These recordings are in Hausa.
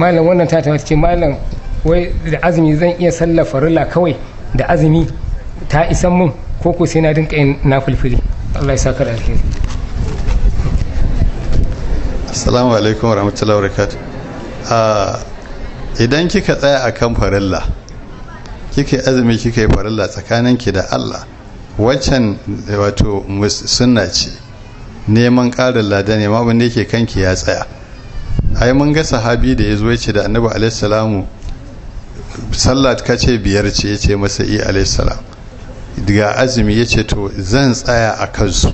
malam wannan ta ta ce malam wai da azumi zan iya sallar farilla kawai da azumi ta isan mun ko ko sai na dinka yin na Allah ya saka da alheri assalamu alaikum wa wa wabarakatuh ah, idan kika tsaya akan farilla kike azumi kike farilla tsakaninki da Allah waccan wato sunna ce neman ƙarin lada ne ma abin da yake kanki ya tsaya ai mun ga sahabi da ya zo ya ce da annabi salamu sallat ka ce biyar ce ya ce masa i eh, alaihissalam daga azumi ya ce to zan tsaya a kansu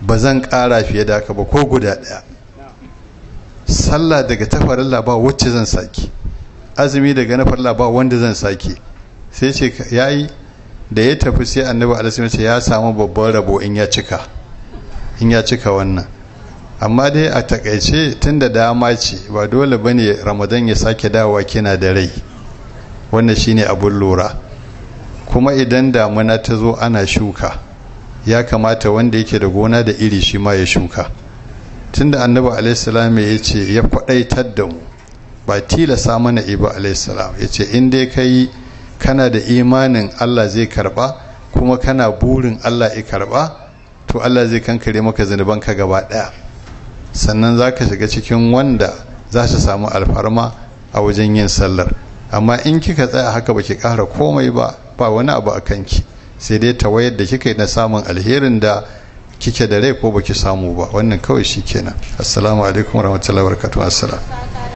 ba zan kara fiye da haka ba ko guda ɗaya sallah daga tafarilla ba wacce zan saki azumi daga na farilla ba wanda zan saki sai ce ya yi da ya tafi sai annabi alaihissalam ce ya samu babban rabo in ya cika in ya cika wannan amma dai a takaice tun da dama ce ba dole ba ne ramadan ya sake dawa kina da rai wannan shine abun lura kuma idan damuna ta zo ana shuka ya kamata wanda yake da gona da iri shi ma ya shuka Tun tunda annabi alaihissalam ya ce ya faɗaitar da mu ba tilasa mana iba alaihissalam ya ce in dai kai kana da imanin allah zai karba kuma kana burin allah ya karba to allah zai kankare maka zunubanka gaba ɗaya sannan za ka shiga cikin wanda za su samu alfarma a wajen yin sallar amma in kika tsaya haka ba ki ƙara komai ba ba wani abu a kanki sai dai ta wayar da kika yi na samun alherin da kike da rai ko baki samu ba wannan kawai shi kenan assalamu alaikum warahmatullahi wabarakatuh assalam